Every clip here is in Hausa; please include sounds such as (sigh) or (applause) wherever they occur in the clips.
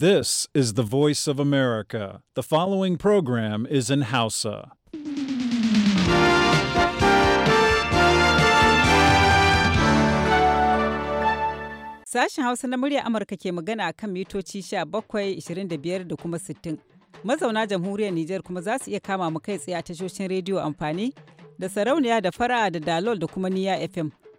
This is the voice of America. The following program is in Hausa. Sashen Hausa na murya Amurka ke magana a kan mitoci 17, 25 da kuma 60. Mazauna jamhuriyar Nijar kuma za su iya kama mu kai tsaye a tashoshin rediyo amfani da sarauniya da fara da dalol da kuma niya FM.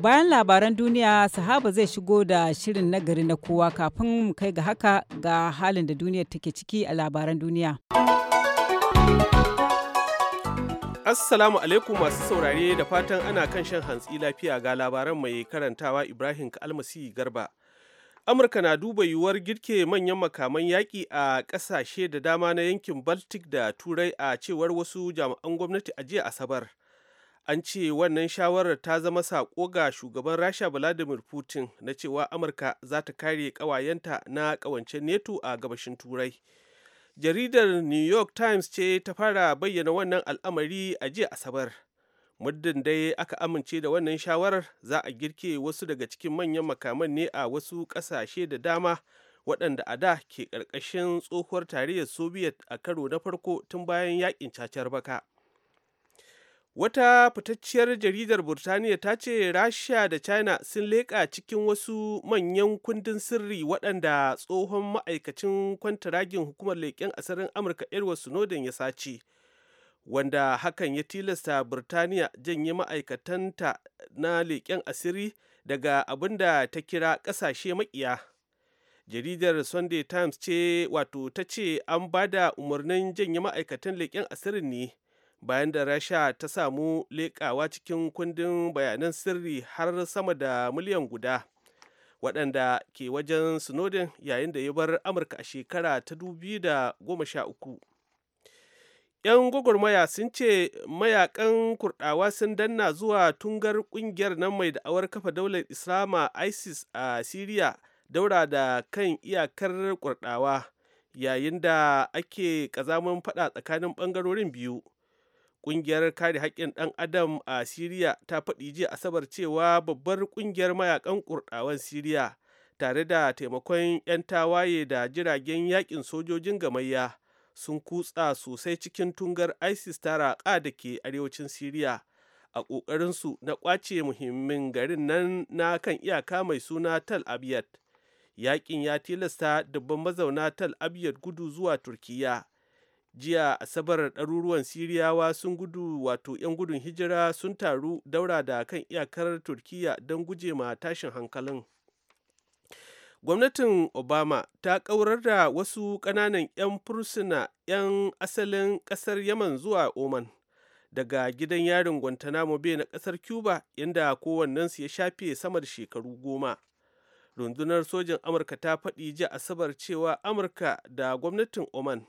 Bayan labaran duniya, sahaba zai shigo da shirin nagari na kowa kafin mu kai ga haka ga halin da duniya take ciki a labaran duniya. Assalamu alaikum masu saurare da fatan ana kan shan hantsi lafiya ga labaran mai karantawa Ibrahim Kalmasi Garba. Amurka na duba yiwuwar girke manyan makaman yaƙi a ƙasashe da dama na yankin Baltic da Turai a cewar wasu jami'an gwamnati a jiya Asabar. an ce wannan shawarar ta zama saƙo ga shugaban rasha vladimir putin na cewa amurka za ta kare ƙawayenta na ƙawancen neto a gabashin turai jaridar new york times ce ta fara bayyana wannan al'amari a jiya asabar muddin dai aka amince da wannan shawarar za a girke wasu daga cikin manyan makaman ne a wasu ƙasashe da dama waɗanda a da ke ƙarƙashin tsohuwar tarayyar soviet a karo na farko tun bayan yakin cacar baka Wata fitacciyar jaridar Burtaniya ta ce Rasha da China sun leƙa cikin wasu manyan kundin sirri waɗanda tsohon ma'aikacin kwantaragin hukumar leƙen asirin Amurka Edward Snowden ya sace, wanda hakan ya tilasta Burtaniya janye ma'aikatanta na leƙen asiri daga abin da ta kira ƙasashe maƙiya. Jaridar Sunday Times ce wato ta ce an ba da umarnin janye ma'aikatan leƙen asirin ne. bayan da rasha ta samu leƙawa cikin kundin bayanan sirri har sama da miliyan guda waɗanda ke wajen snowden yayin da ya bar amurka a shekara ta 2013 'yan gwagwarmaya sun ce mayakan kurdawa sun danna zuwa tungar ƙungiyar nan mai da'awar kafa daular islama isis a syria daura da kan iyakar kurdawa yayin da ake ƙazamin faɗa tsakanin ɓangarorin biyu Ƙungiyar kare haƙƙin ɗan adam a Siriya ta faɗi jiya Asabar cewa babbar ƙungiyar mayakan kurɗawan Siriya tare da taimakon 'yan tawaye da jiragen yakin sojojin gamayya sun kutsa sosai cikin tungar ISIS ta raƙa da ke arewacin Siriya a ƙoƙarinsu na ƙwace muhimmin garin nan na kan iyaka mai suna Tal abiyat Yaƙin ya tilasta dubban mazauna Tal abiyat gudu zuwa Turkiyya. jiya asabar ɗaruruwan siriyawa sun gudu wato 'yan gudun hijira sun taru daura da kan iyakar turkiya don guje ma tashin hankalin gwamnatin obama ta kaurar da wasu ƙananan 'yan fursuna 'yan asalin ƙasar yaman zuwa oman daga gidan yarin guantanamo bay na ƙasar cuba inda kowannensu ya shafe sama da shekaru goma rundunar sojin amurka ta faɗi ji asabar cewa amurka da gwamnatin oman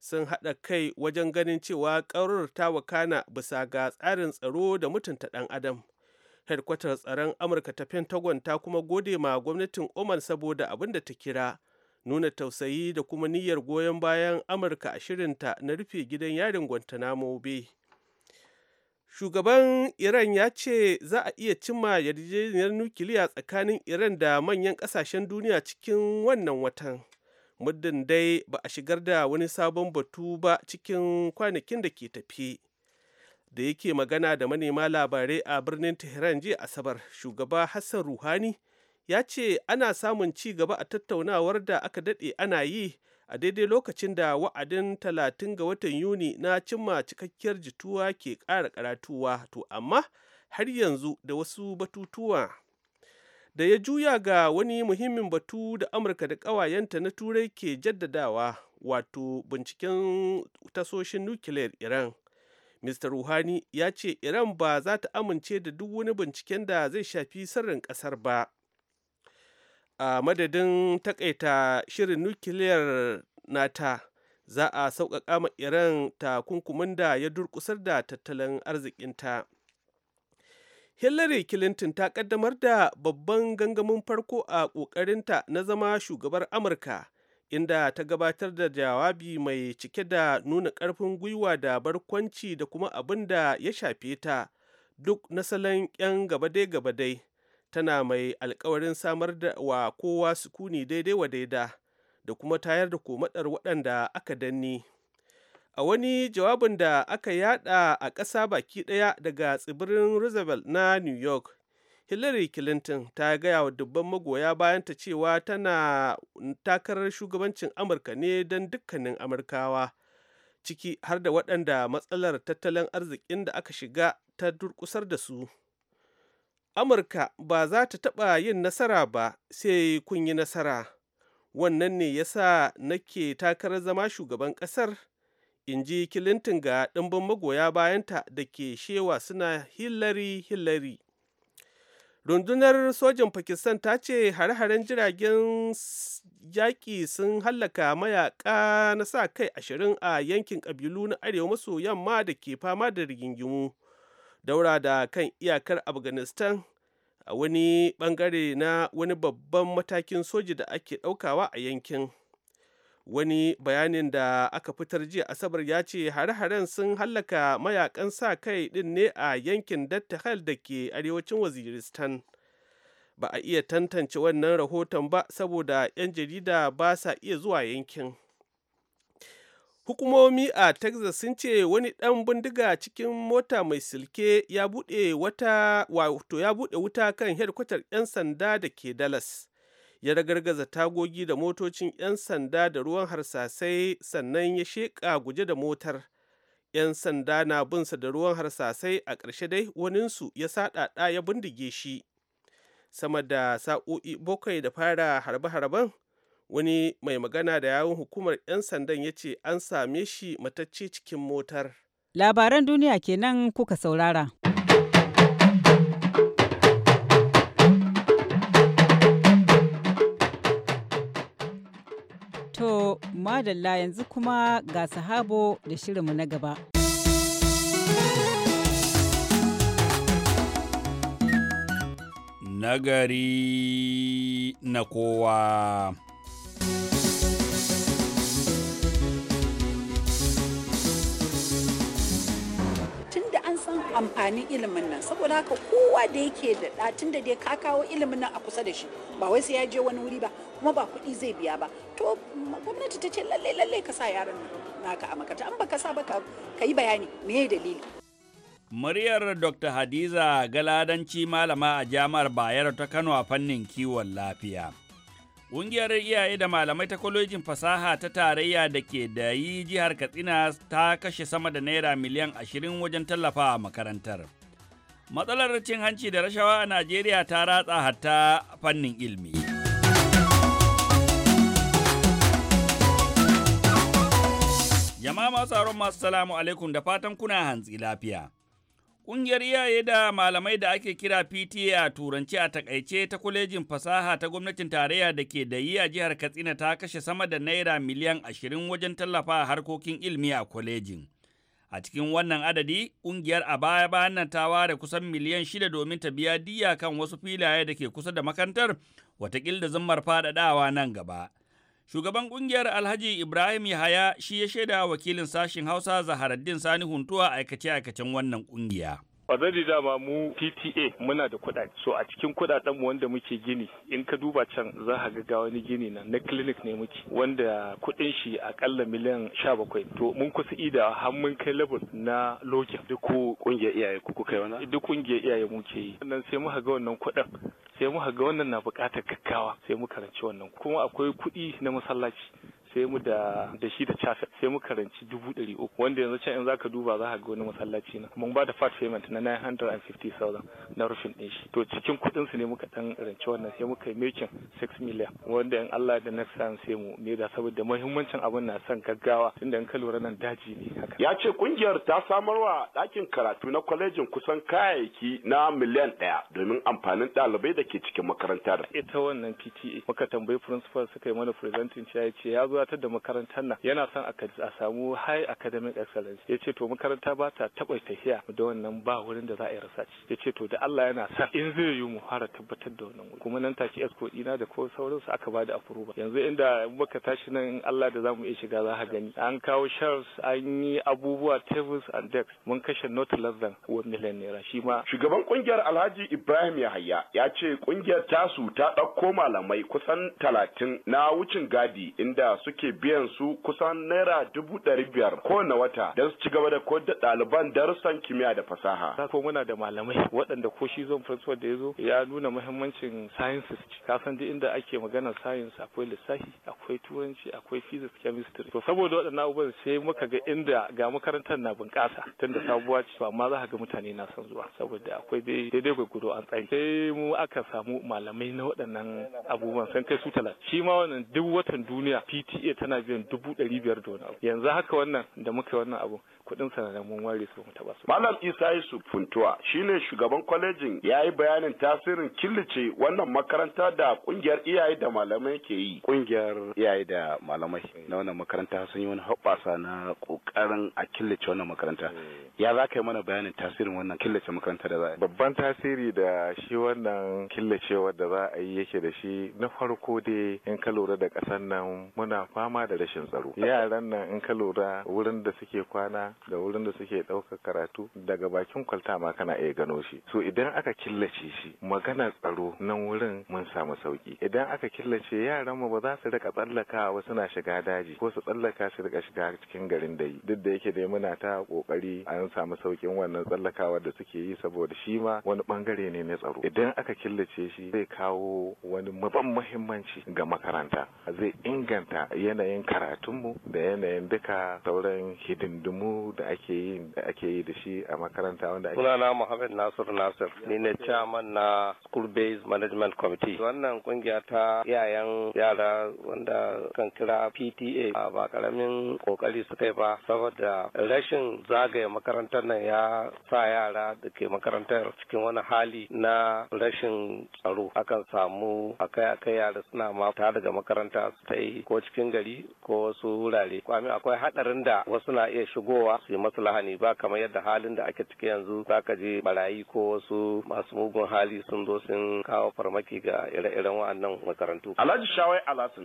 sun haɗa kai wajen ganin cewa ƙarar ta wakana bisa ga tsarin tsaro da mutunta ɗan adam hedkwatar tsaron amurka ta pentagon ta kuma gode ma gwamnatin oman saboda abin da ta kira nuna tausayi da kuma niyyar goyon bayan amurka a shirinta na rufe gidan yarin guantanamo bay shugaban iran ya ce za a iya cimma yarjejeniyar nukiliya tsakanin iran da manyan ƙasashen duniya cikin wannan watan muddin dai ba a shigar da wani sabon batu ba cikin kwanakin da ke tafi da yake magana da manema labarai a birnin tehran jiya asabar shugaba hassan ruhani ya ce ana samun ci gaba a tattaunawar da aka daɗe ana yi a daidai lokacin da wa'adin 30 ga watan yuni na cimma cikakkiyar jituwa ke ƙara karatuwa to amma har yanzu da wasu batutuwa da ya juya ga wani muhimmin batu da amurka da ƙawayenta na turai ke jaddadawa wato binciken tasoshin nukiliyar iran mr ruhani ya ce iran ba za ta amince da duk wani binciken da zai shafi sirrin ƙasar ba a madadin takaita shirin nukiliyar nata za a sauƙaƙa ma iran takunkumin da ya durƙusar da tattalin arzikinta Hillary Clinton ta kaddamar da babban gangamin farko a ƙoƙarinta na zama shugabar Amurka, inda ta gabatar da jawabi mai cike da nuna ƙarfin gwiwa da barkwanci da kuma abin da ya shafe ta duk na salon 'yan gabadai-gabadai. Tana mai alkawarin samar da wa kowa sukuni daidai wa daida da kuma tayar da komadar waɗanda aka danne. a wani jawabin da aka yada a ƙasa baki ɗaya daga tsibirin roosevelt na new york hillary clinton ta gaya wa dubban magoya bayan ta cewa tana takarar shugabancin amurka ne don dukkanin amurkawa ciki har da waɗanda matsalar tattalin arzikin da aka shiga ta durkusar da su amurka ba za ta taɓa yin nasara ba sai kun yi nasara wannan ne yasa nake takarar zama shugaban ƙasar in ji Clinton ga ɗimbin magoya bayanta da ke shewa suna Hillary Hillary. Rundunar sojin Pakistan ta ce hare-haren jiragen yaƙi sun hallaka mayaƙa na sa kai ashirin a yankin ƙabilu na arewa maso yamma da ke fama da rigingimu daura da kan iyakar Afghanistan a wani ɓangare na wani babban matakin soji da ake ɗaukawa a yankin. wani bayanin da aka fitar jiya asabar ya ce hare-haren sun hallaka mayakan sa kai din ne a yankin dattahal da ke arewacin waziristan ba a iya tantance wannan rahoton ba saboda 'yan jarida ba sa iya zuwa yankin hukumomi a texas sun ce wani dan bindiga cikin mota mai silke ya ya bude wuta kan hedkwatar 'yan sanda da ke dallas ya ragargaza tagogi da motocin 'yan sanda da ruwan harsasai sannan ya sheƙa guje da motar 'yan sanda na binsa da ruwan harsasai a ƙarshe dai waninsu ya saɗaɗa ya bindige shi sama da sa'o'i bakwai da fara harbe-harben wani mai magana da yawun hukumar 'yan sandan ya ce an same shi matacce cikin motar labaran duniya kenan kuka saurara. To, madalla yanzu kuma ga sahabo da shirinmu na gaba. Nagari na kowa. amfanin ilimin nan saboda haka kowa da yake da ɗatin da dai ka kawo ilimin nan a kusa da shi ba wai sai ya je wani wuri ba kuma ba kuɗi zai biya ba to gwamnati ta ce lalle lalle ka sa yaron naka a makata an ba ka sa ba ka yi bayani me dalili Muryar Dr. Hadiza Galadanci malama a jami'ar Bayero ta Kano a fannin kiwon lafiya. Ƙungiyar iyaye da malamai ta kwalejin fasaha ta tarayya da ke da yi jihar Katsina ta kashe sama da naira miliyan ashirin wajen tallafa makarantar. Matsalar cin hanci da rashawa a Najeriya ta ratsa hatta fannin ilimi. Jama'a masu masu salamu alaikum da fatan kuna hantsi lafiya. Ƙungiyar iyaye da malamai da ake kira PTA a turanci a takaice ta kwalejin fasaha ta gwamnatin tarayya da ke da yi a jihar Katsina ta kashe sama da naira miliyan ashirin wajen tallafa harkokin ilmi a kwalejin. A cikin wannan adadi, ƙungiyar a baya bayan nan ta ware kusan miliyan shida domin ta biya diya kan wasu filaye da ke kusa da makantar, watakil da zammar faɗaɗawa nan gaba. Shugaban ƙungiyar Alhaji Ibrahim Yahaya shi ya shaida wakilin sashen Hausa Zaharaddin Sani Huntuwa aikace-aikacen wannan ƙungiya. da dama mu PTA muna da kuɗaɗe so a cikin kuɗaɗen mu wanda muke gini in ka duba can za ka ga ga wani gini na na clinic ne muke wanda kuɗin shi akalla miliyan 17 to mun kusa ida har mun kai level na login duk kungiyar iyaye ku kai wani duk kungiyar iyaye muke yi sannan sai muka ga wannan kuɗin sai muka ga wannan na buƙatar gaggawa sai mu karanci wannan kuma akwai kuɗi na masallaci sai mu da da shi da chafe sai mu karanci dubu ɗari uku wanda yanzu can in ka duba za ka ga wani masallaci na mun ba da part payment na 950,000 na rufin ɗin shi to cikin kuɗin su ne muka ɗan ranci wannan sai muka yi mekin 6 million wanda in Allah da next time sai mu ne da saboda muhimmancin abin na son gaggawa tunda in ka lura nan daji ne haka ya ce kungiyar ta samar wa ɗakin karatu na kwalejin kusan kayayyaki na miliyan ɗaya domin amfanin ɗalibai da ke cikin makarantar ita wannan PTA muka tambayi principal suka yi mana presenting ya ce ya zo gabatar da makarantar nan yana son a samu high academic excellence ya ce to makaranta ba ta taɓa tafiya da wannan ba wurin da za a yi research ya ce to da Allah yana son in zai yi mu fara tabbatar da wannan wuri kuma nan take esko ɗina da ko sauransu aka bada approval yanzu inda muka tashi nan Allah da zamu iya shiga za ka gani an kawo shelves an yi abubuwa tables and desks mun kashe not less than 1 million naira shi ma shugaban kungiyar Alhaji Ibrahim Yahaya ya ce kungiyar tasu ta ɗauko malamai kusan talatin na wucin gadi inda suke biyan su kusan naira dubu ɗari biyar kowane wata don su ci gaba da koyar da ɗaliban darussan kimiyya da fasaha. Ko muna da malamai (laughs) waɗanda ko shi zon principal da ya zo ya nuna muhimmancin sciences ka san duk inda ake magana science akwai lissafi akwai turanci akwai physics chemistry to saboda waɗannan abubuwan sai muka ga inda ga makarantar na bunƙasa tunda sabuwa ce amma za ka ga mutane na son zuwa saboda akwai daidai gwagwado an tsaye sai mu aka samu malamai na waɗannan abubuwan san kai su talatin shi ma wannan duk watan duniya PT iya tana biyan dubu ɗari biyar da wani abu yanzu haka wannan da muka yi wannan abu kuɗin sanannen mun ware su mu taɓa su. Malam Isa Yusuf Funtuwa shine shugaban kwalejin ya yi bayanin tasirin killace wannan makaranta da ƙungiyar iyaye da malamai ke yi. Ƙungiyar iyaye da malamai na wannan makaranta sun yi wani hoɓɓasa na ƙoƙarin a killace wannan makaranta. Eh. Ya za ka yi mana bayanin tasirin wannan killace makaranta da za a yi. Babban tasiri da shi wannan killacewar da za a yi yake da shi na farko dai in ka lura da ƙasar nan muna fama da rashin tsaro. Yaran nan in ka lura wurin da suke kwana da wurin da suke ɗaukar karatu daga bakin kwalta ma kana iya gano shi so idan aka killace shi maganar tsaro nan wurin mun samu sauki idan aka killace yaran mu ba za su rika tsallaka tsallakawa suna shiga daji ko su tsallaka su rika shiga cikin garin dayi duk da yake dai muna ta kokari an samu saukin wannan tsallakawa da suke yi saboda shi ma wani bangare ne na tsaro idan aka killace shi zai kawo wani maban muhimmanci ga makaranta zai inganta yanayin karatunmu da yanayin duka sauran hidindimu da ake yi da ake yi da shi a makaranta wanda ake sunana Muhammad Nasir Nasir ni ne chairman na School Based Management Committee wannan kungiya ta yayan yara wanda kan kira PTA ba karamin kokari suka yi ba saboda rashin zagaye makarantar nan ya sa yara da ke makarantar cikin wani hali na rashin tsaro akan samu akai-akai yara suna ma ta daga makaranta su ta yi ko cikin gari ko wasu wurare kwami akwai hadarin da wasu na iya shigowa su yi maslaha ne ba kamar yadda halin da ake ciki yanzu ka je barayi ko wasu masu mugun hali sun zo sun kawo farmaki ga ire-iren wa'annan makarantu. Alhaji Shawai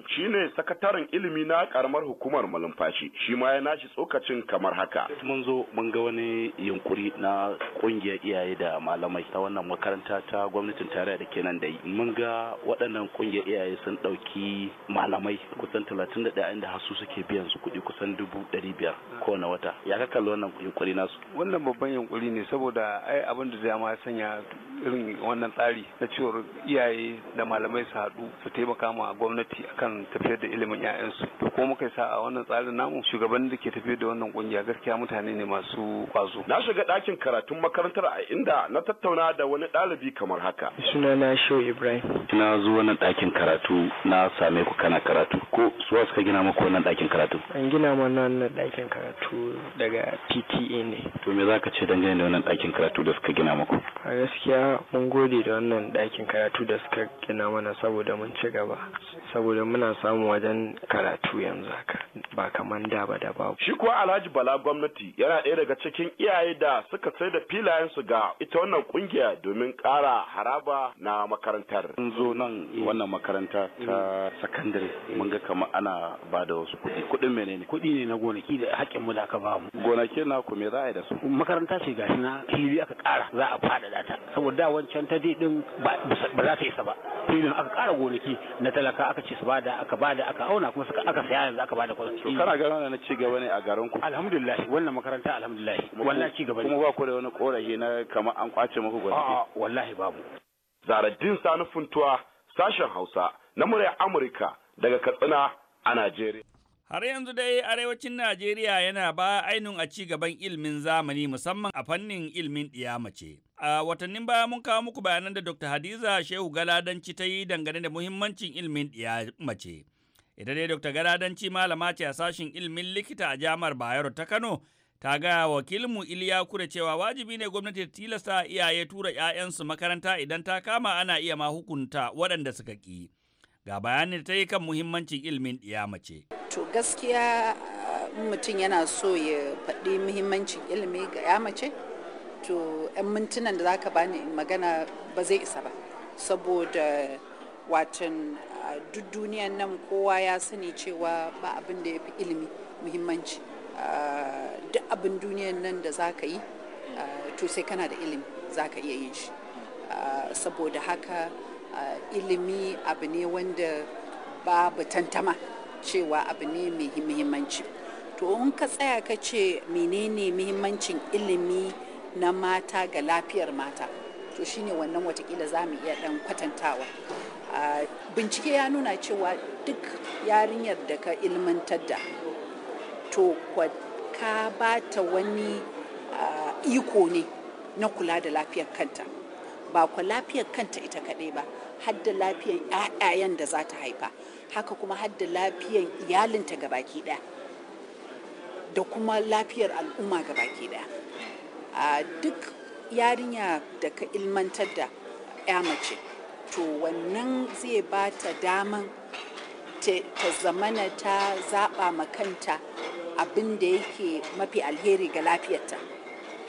shi ne sakataren ilimi na karamar hukumar malumfashi shi ma ya nashi tsokacin kamar haka. Mun zo mun ga wani yunkuri na kungiyar iyaye da malamai ta wannan makaranta ta gwamnatin tarayya da kenan da mun ga waɗannan kungiyar iyaye sun ɗauki malamai kusan talatin da ɗaya inda hasu suke biyan su kuɗi kusan dubu ɗari biyar kowane wata. ka kalli wannan yunkuri nasu wannan babban yunkuri ne saboda ai abin da zai ma sanya irin wannan tsari na cewar iyaye da malamai su haɗu su taimaka ma gwamnati akan tafiyar da ilimin 'ya'yansu to ko muka sa a wannan tsarin namu shugaban da ke tafiyar da wannan kungiya gaskiya mutane ne masu kwazo na shiga ɗakin karatun makarantar a inda na tattauna da wani ɗalibi kamar haka sunana shehu ibrahim na zo wannan ɗakin karatu na same ku kana karatu ko suwa suka gina muku wannan ɗakin karatu an gina mana wannan ɗakin karatu da daga PTA e ne. To me ka ce dangane da wannan ɗakin karatu da suka gina muku? A gaskiya mun gode da wannan ɗakin karatu da suka gina mana saboda mun ci gaba. Saboda muna samun wajen karatu yanzu haka ba kamar da ba da ba. Shi kuwa Alhaji Bala gwamnati yana ɗaya daga cikin iyaye da suka sai da su ga ita wannan kungiya domin ƙara haraba na makarantar. Mun zo nan wannan makaranta ta sakandare mun ga kamar ana ba da wasu kuɗi. Kuɗin menene? Kuɗi ne na gonaki da haƙƙin mu da aka ba mu. gonakin na ku me za a yi da su makaranta ce gashi na fili aka kara za a faɗaɗa ta saboda wancan ta din ba za ta isa ba filin aka kara gonaki na talaka aka ce su bada aka bada aka auna kuma suka aka saya yanzu aka bada kwanci kana ganin wannan ci gaba ne a garin ku alhamdulillah wannan makaranta alhamdulillah Wannan ci gaba ne kuma ba ku da wani korafi na kamar an kwace muku gonaki a'a wallahi babu Zaraddin Sani Funtuwa sashen Hausa na murya Amurka daga Katsina a Najeriya Har yanzu dai arewacin Najeriya yana ba ainihin a ci gaban ilimin zamani musamman a fannin ilimin mace. A watannin baya mun kawo muku bayanan da Dr. Hadiza Shehu Galadanci ta yi dangane da muhimmancin ilimin mace. Ita dai Dr. Galadanci malama ce a sashin ilimin likita a Jamar Bayero ta Kano. Ta ga wakilinmu Iliya Kure cewa wajibi ne gwamnati ta tilasta iyaye tura 'ya'yansu makaranta idan ta kama ana iya ma hukunta waɗanda suka ƙi. ga bayanin ta yi kan muhimmancin ilimin mace. To gaskiya uh, mutum yana so ya faɗi muhimmancin ilimi ga ya mace to 'yan mintunan da zaka bani magana ba zai isa ba saboda watan uh, duk duniyan nan kowa ya sani cewa ba abin da ya fi ilimi muhimmanci uh, duk abin duniyan nan da zaka yi to sai kana da ilimi zaka iya yin shi saboda haka ilimi abu ne wanda babu tantama cewa abu ne mai muhimmanci to in ka tsaya ka ce menene muhimmancin ilimi na mata ga lafiyar mata to shine wannan watakila za mu iya dan kwatantawa bincike ya nuna cewa duk yarinyar da ka ilmantar da to ka ba ta wani iko ne na kula da lafiyar kanta ba kwa lafiyar kanta ita kaɗai ba har da lafiyar 'ya'yayen da za ta haifa haka kuma har da lafiyar iyalinta ga baki ɗaya da kuma lafiyar al'umma ga baki ɗaya a duk yarinya da ka ilmantar da 'ya mace to wannan zai ba ta daman ta zamana ta zaɓa ma kanta abin da yake mafi alheri ga lafiyarta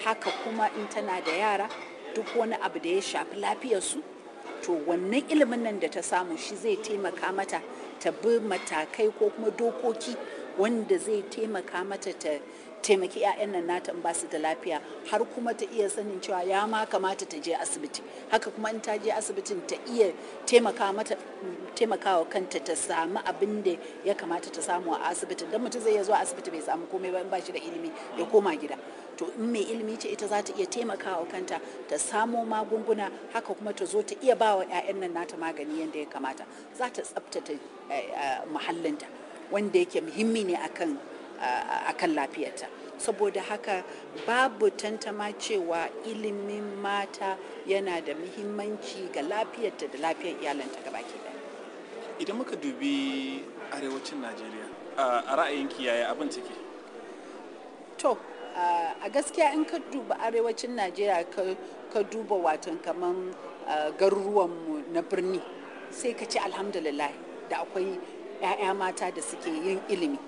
haka kuma in tana da yara duk wani abu da ya shafi lafiyarsu to wannan ilimin nan da ta samu shi zai taimaka mata ta bi matakai ko kuma dokoki wanda zai taimaka mata ta taimaki 'ya'yan nan nata in ba da lafiya har kuma ta iya sanin cewa ya ma kamata ta je asibiti haka kuma in ta je asibitin ta iya taimaka mata taimakawa kanta ta samu abin da ya kamata ta samu a asibitin don mutum zai iya zuwa asibiti bai samu komai ba ba shi da ilimi ya koma gida to in mai ilimi ce ita za ta iya taimakawa kanta ta samo magunguna haka kuma ta zo ta iya ba wa 'ya'yan nan nata magani yadda ya kamata za ta tsabtata eh, eh, muhallinta wanda yake muhimmi ne akan lafiyarta saboda haka babu tantama cewa ilimin mata yana da muhimmanci ga lafiyarta da lafiyar iyalanta gabaki ɗaya idan muka dubi arewacin najeriya a ra'ayinki yaya abin ciki to a gaskiya in ka duba arewacin najeriya ka duba watan kaman garuruwanmu na birni sai ka ce alhamdulillah da akwai 'ya'ya mata da suke yin ilimi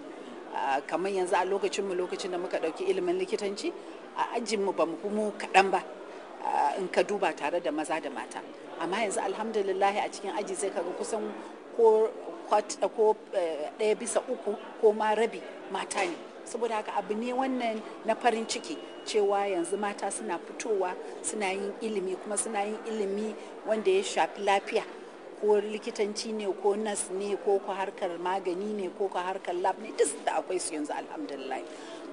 kamar yanzu a lokacinmu lokacin da muka ɗauki ilimin likitanci a ajinmu ba mu kaɗan ba in ka duba tare da maza da mata amma yanzu alhamdulillah a cikin aji sai kaga kusan ko eh, ɗaya bisa uku ko ma rabi mata ne saboda haka abu ne wannan na farin ciki cewa yanzu mata suna fitowa suna yin ilimi kuma suna yin ilimi wanda ya shafi lafiya ko likitanci ne ko nas ne ko ko harkar magani ne ko ko harkar lab ne duk da akwai su yanzu alhamdulillah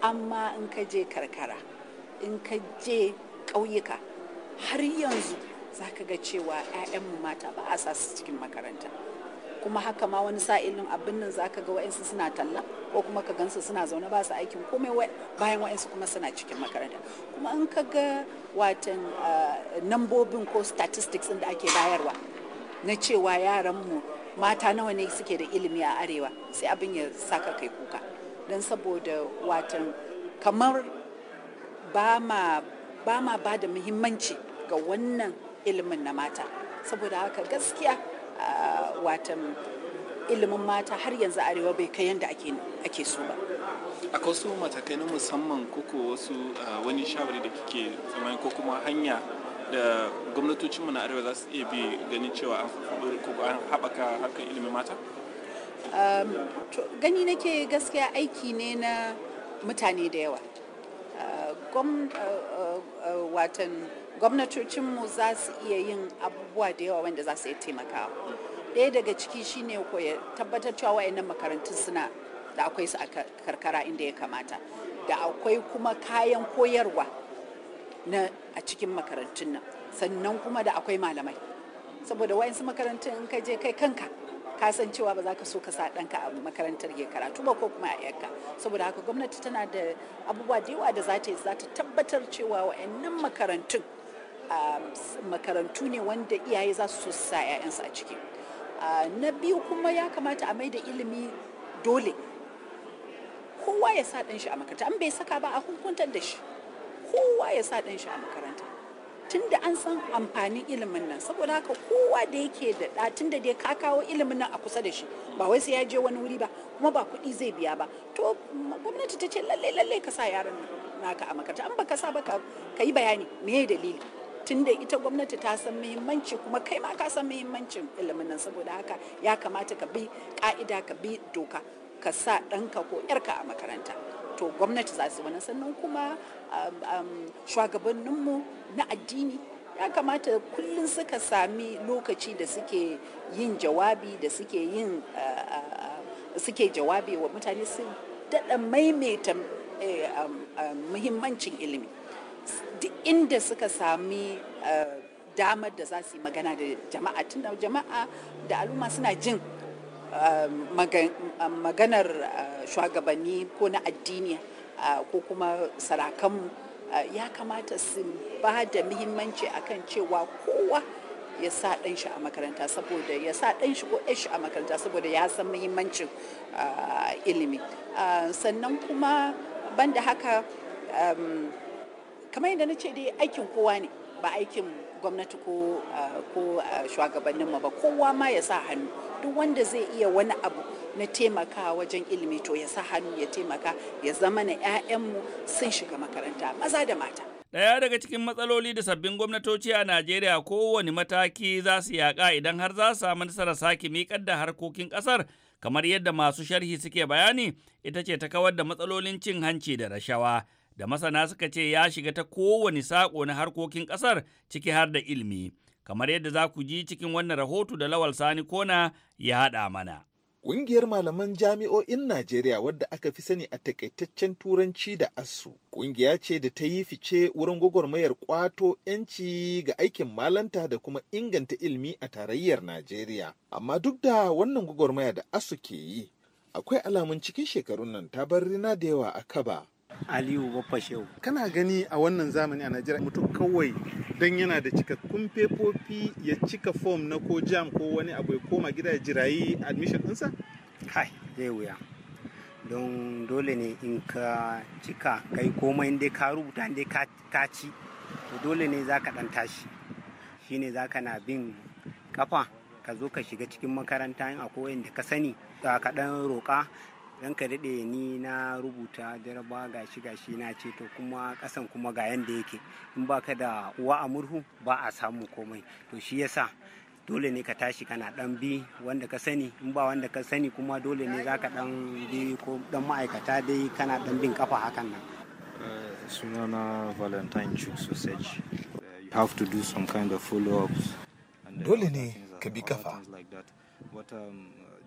amma in ka je karkara in ka je ƙauyuka har yanzu za ka ga cewa mu mata ba a sa su cikin makaranta kuma haka ma wani sa'ilin abin nan za ka ga wa'insu suna talla ko kuma ka gansu suna zaune ba su aikin komai bayan wa'insu kuma suna cikin makaranta kuma in ka ga watan ah, nambobin ko statistics da ake bayarwa na cewa yaran mu mata nawa ne suke da ilimi a arewa sai abin ya saka kai kuka don saboda watan kamar ba ma ba da muhimmanci ga wannan ilimin na mata saboda haka gaskiya Ah, watan ilimin mata har yanzu arewa bai kai yadda ake so ba akwai wasu matakai na musamman koko wasu ah, wani shawari da kike tsammani ko kuma hanya da gwamnatocinmu na arewa za su iya bi ganin cewa an haɓaka harkar ilimin mata ah, gani nake gaskiya aiki ne na mutane da yawa watan gwamnatocinmu za su iya yin abubuwa da yawa wanda za su iya taimakawa ɗaya daga ciki shine ko ya tabbatar cewa wayannan makarantun suna da akwai su a karkara inda ya kamata da akwai kuma kayan koyarwa na a cikin makarantun nan sannan kuma da akwai malamai saboda wayansu makarantun in ka je kai kanka ka san cewa ba za ka so ka sa ɗanka a makarantar ya karatu ba ko kuma a yanka saboda haka gwamnati tana da abubuwa da yawa da za ta yi za ta tabbatar cewa wayannan makarantun makarantu ne wanda iyaye za su sa 'ya'yansu a ciki na biyu kuma ya kamata a maida ilimi dole kowa ya sa ɗanshi a makaranta an bai saka ba a hukuntar da shi kowa ya sa ɗanshi a makaranta tun da an san amfanin ilimin nan saboda haka kowa da yake da ɗa tun da dai ka kawo ilimin nan a kusa da shi ba wai sai ya je wani wuri ba kuma ba kuɗi zai biya ba to gwamnati ta ce lalle lalle ka sa yaron naka a makaranta an ba ka sa ba ka yi bayani me dalili Tun da ita gwamnati ta san muhimmanci kuma kai ma ka san muhimmancin ilimin nan saboda haka ya kamata ka bi ka'ida ka bi doka ka sa ɗanka ko 'yarka a makaranta to gwamnati za su wani sannan kuma shugabanninmu na addini ya kamata kullum suka sami lokaci da suke yin jawabi da suke yin suke jawabi wa mutane su daɗa maimaita eh, muhimmancin ilimi duk inda suka sami eh, damar da za su yi magana da jama'a tunda jama'a da al'umma suna jin eh, maganar eh, shugabanni ko na addini ko kuma sarakanmu ya kamata su ba da muhimmanci akan cewa kowa ya sa ɗan shi a makaranta saboda ya sa ɗan shi ko shi a makaranta saboda ya san muhimmancin ilimi sannan kuma banda haka kamar yadda na ce dai aikin kowa ne ba aikin gwamnati ko ah, ah, shugabannin ba kowa ma ya sa hannu duk wanda zai iya wani abu na taimaka wajen ilimi to ya sa hannu ya taimaka ya zama na 'ya'yanmu sun shiga makaranta maza da mata Daya daga cikin matsaloli da sabbin gwamnatoci a Najeriya kowane mataki za su yaƙa idan har za su samu nasarar sake miƙar da harkokin ƙasar kamar yadda masu sharhi suke bayani ita ce ta kawar da matsalolin cin hanci da rashawa. da masana suka ce ya shiga ta kowane saƙo na harkokin ƙasar ciki har da ilmi, kamar yadda za ku ji cikin wannan rahoto da Lawal Sani Kona ya haɗa mana. Ƙungiyar malaman jami'o'in Najeriya wadda aka fi sani a takaitaccen turanci da ASU, ƙungiya ce da ta yi fice wurin gwagwarmayar ƙwato 'yanci ga aikin malanta da kuma inganta ilmi a tarayyar Najeriya. Amma duk da wannan gwagwarmaya da ASU ke yi, akwai alamun cikin shekarun nan ta bar rina da yawa a kaba Aliyu Bafashewu. Kana gani a wannan zamani a Najeriya mutum kawai dan yana da cikakkun fefofi ya cika fom na ko jam ko wani abu ya koma gida ya jirayi admission ɗinsa? Hai, zai wuya. Don dole ne in ka cika kai komai inda ka rubuta inda ka ci, to dole ne za ka ɗan tashi. Shi ne za ka na bin kafa ka zo ka shiga cikin makaranta in akwai da ka sani ka ɗan roƙa ka daɗe ni na rubuta jaraba gashi gashi na ce to kuma ƙasan kuma ga yanda yake in baka da uwa a murhu ba a samu komai to shi yasa dole ne ka tashi kana dan bi wanda ka sani in ba wanda ka sani kuma dole ne za ka dan bi ko dan ma'aikata dai kana dan bin kafa hakan nan eh, sunana valentine chuk sausage you have to do some kind of follow-ups dole uh, ne ka bi kafa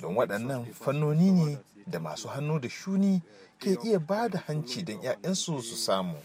don waɗannan fannoni ne da masu hannu da shuni ke iya ba da hanci don 'ya'yansu su samu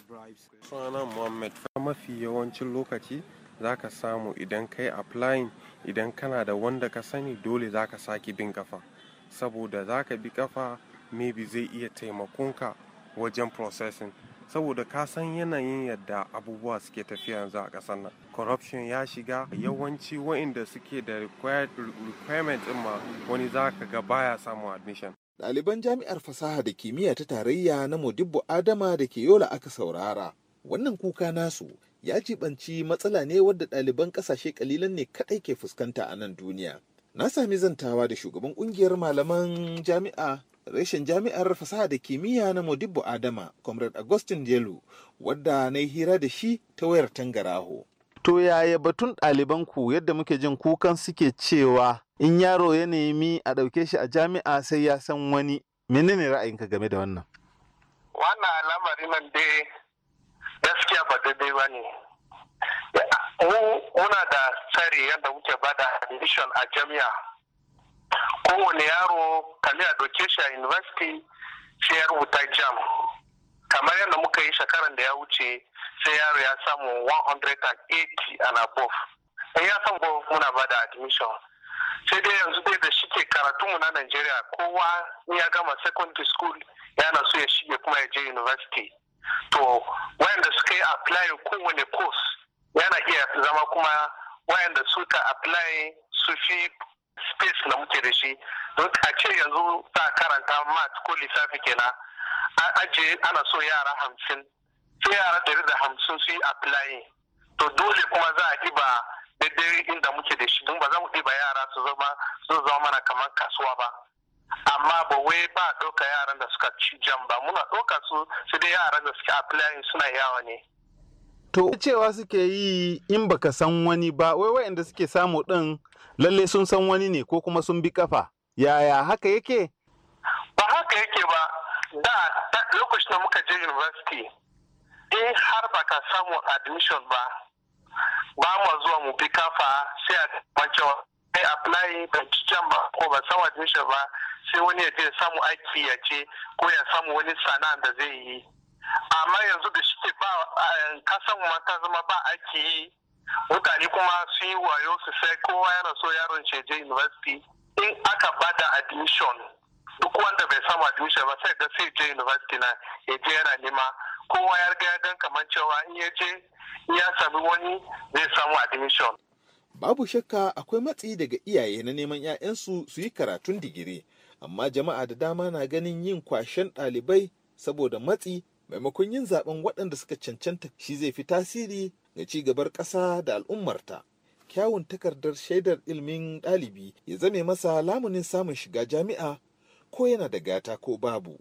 sunana muhammad mafi yawancin lokaci za ka samu idan kai applying idan kana da wanda ka sani dole za ka sake bin kafa saboda za ka bi kafa maybe zai iya taimakonka wajen processing saboda ka san yanayin yadda abubuwa suke tafiya yanzu a ƙasar nan corruption ya shiga yawanci waɗanda suke da requirement ɗin ma wani za ka ga baya samun admission ɗaliban jami'ar fasaha da kimiyya ta tarayya na modibbo adama da ke yola aka saurara wannan kuka nasu ya jibanci matsala ne wadda ɗaliban ƙasashe kalilan ne kaɗai ke fuskanta a nan duniya na sami zantawa da shugaban ƙungiyar malaman jami'a reshen jami'ar fasaha da kimiyya na Modibbo Adama, Comrade Augustin Jelu, wadda na yi hira da shi ta wayar tangaraho. To yaya batun ɗalibanku yadda muke jin kukan suke cewa in yaro ya nemi a ɗauke shi a jami'a sai ya san wani. Menene ra'ayinka game da wannan? Wannan lamari nan dai gaskiya ba daidai ba ne. Muna da tsari yadda muke bada admission a jami'a. kowane yaro kami a doke shi a university sai ya rubuta jam kamar yadda muka yi shekaran da ya wuce sai yaro ya samu 180 and above in ya san above muna ba da admission sai dai yanzu dai da shike mu na Najeriya kowa ya gama secondary school yana so ya shige kuma ya je university to wayanda suka yi apply kowane course yana iya zama kuma wayanda suka apply su fi space da muke da shi don a ce yanzu ta karanta mat ko lissafi kenan an ajiye ana so yara hamsin sai yara ɗari da hamsin su yi applying to dole kuma za a ɗiba daidai inda muke da shi don ba za mu ɗiba yara su zama su zama mana kamar kasuwa ba amma ba wai ba ɗauka yaran da suka ci jam ba muna ɗauka su su dai yaran da suke applying suna yawa ne to cewa suke yi in baka san wani ba wai wayanda suke samu ɗin lalle sun san wani ne ko kuma sun bi kafa yaya haka yake ba haka yake ba da lokacin da muka je university in har ba ka samu admission ba ba mu zuwa mu bi kafa sai a wancan kai apply ban ci can ba ko ba samu admission ba sai wani ya je samu aiki ya ce ko ya samu wani sana'a da zai yi amma yanzu da shi ba eh, kasan mata zama ba aiki yi mutane kuma sun yi wayo su sai kowa yana so yaron ce university in aka bada admission duk wanda bai samu admission ba sai ga sai je university na ya je yana nema kowa ya riga ya gan kamar cewa in ya je ya sami wani zai samu admission babu shakka akwai matsi daga iyaye na neman 'ya'yansu su yi karatun digiri amma jama'a da dama na ganin yin kwashen ɗalibai saboda matsi maimakon yin zaben waɗanda suka cancanta shi zai fi tasiri ya ci gabar ƙasa da al'ummarta. Kyawun takardar shaidar ilimin ɗalibi ya zame masa lamunin samun shiga jami'a ko yana da gata ko babu.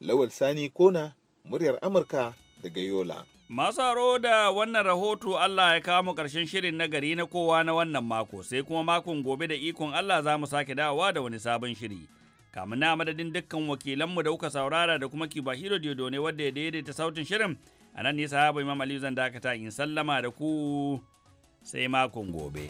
Lawal Sani Kona, muryar Amurka daga Yola. Masu haro da wannan rahoto Allah ya kawo ƙarshen shirin na gari na kowa na wannan mako sai kuma makon gobe da ikon Allah za mu sake dawowa da wani sabon shiri. Kamun na madadin dukkan wakilanmu da kuka saurara da kuma Kiba Hiro ne wadda ya daidaita sautin shirin. a nan nisa imam aliyu zan dakata in sallama da ku sai makon gobe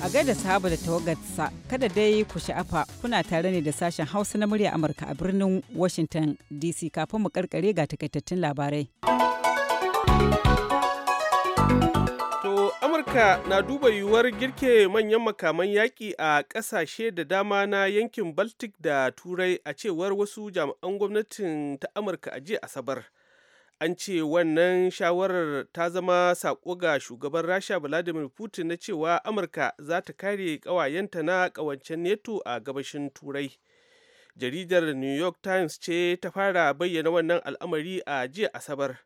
a gaida sahaba da tawagarsa kada dai ku sha'afa kuna tare ne da sashen hausa na murya amurka a birnin washington dc kafin mu karkare ga takaitattun labarai To Amurka na duba yiwuwar girke manyan makaman yaƙi a ƙasashe da dama na yankin Baltic da Turai a cewar wasu jami'an gwamnatin ta Amurka a jiya Asabar. An ce wannan shawarar ta zama saƙo ga shugaban Rasha Vladimir Putin na cewa Amurka za ta kare ƙawayenta na ƙawancen NETO a gabashin Turai. Jaridar New York Times ce ta fara bayyana wannan al'amari a jiya Asabar.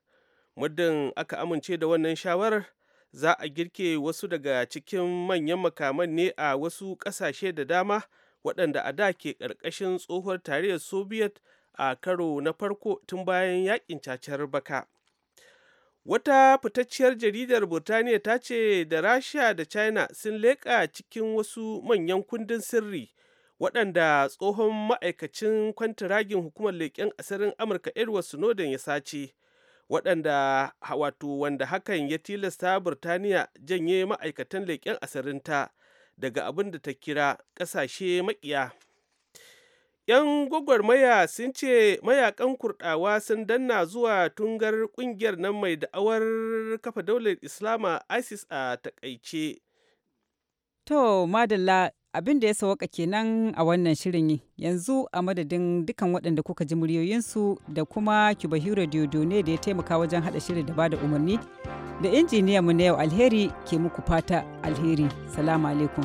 muddin aka amince da wannan shawarar za a girke wasu daga cikin manyan makaman ne a wasu ƙasashe da dama waɗanda a da ke ƙarƙashin tsohuwar tarayyar soviet a karo na farko tun bayan yakin cacar baka wata fitacciyar jaridar burtaniya ta ce da rasha da china sun leƙa cikin wasu manyan kundin sirri waɗanda tsohon ma'aikacin kwantiragin hukumar leƙen asirin amurka edward snowden ya sace waɗanda wato wanda hakan ya tilasta Burtaniya janye ma'aikatan leƙen asirinta daga abin da ta kira ƙasashe maƙiya. 'Yan gwagwarmaya sun ce mayakan kurɗawa sun danna zuwa tungar ƙungiyar nan mai da'awar kafa daular Islama ISIS a taƙaice. To, Madalla, abin da ya sauka kenan a wannan shirin yanzu a madadin dukkan waɗanda kuka ji muryoyinsu da kuma kibahiro diodo ne da ya taimaka wajen haɗa shirin da bada umarni da injiniyan mu na yau alheri ke muku fata alheri salamu alaikum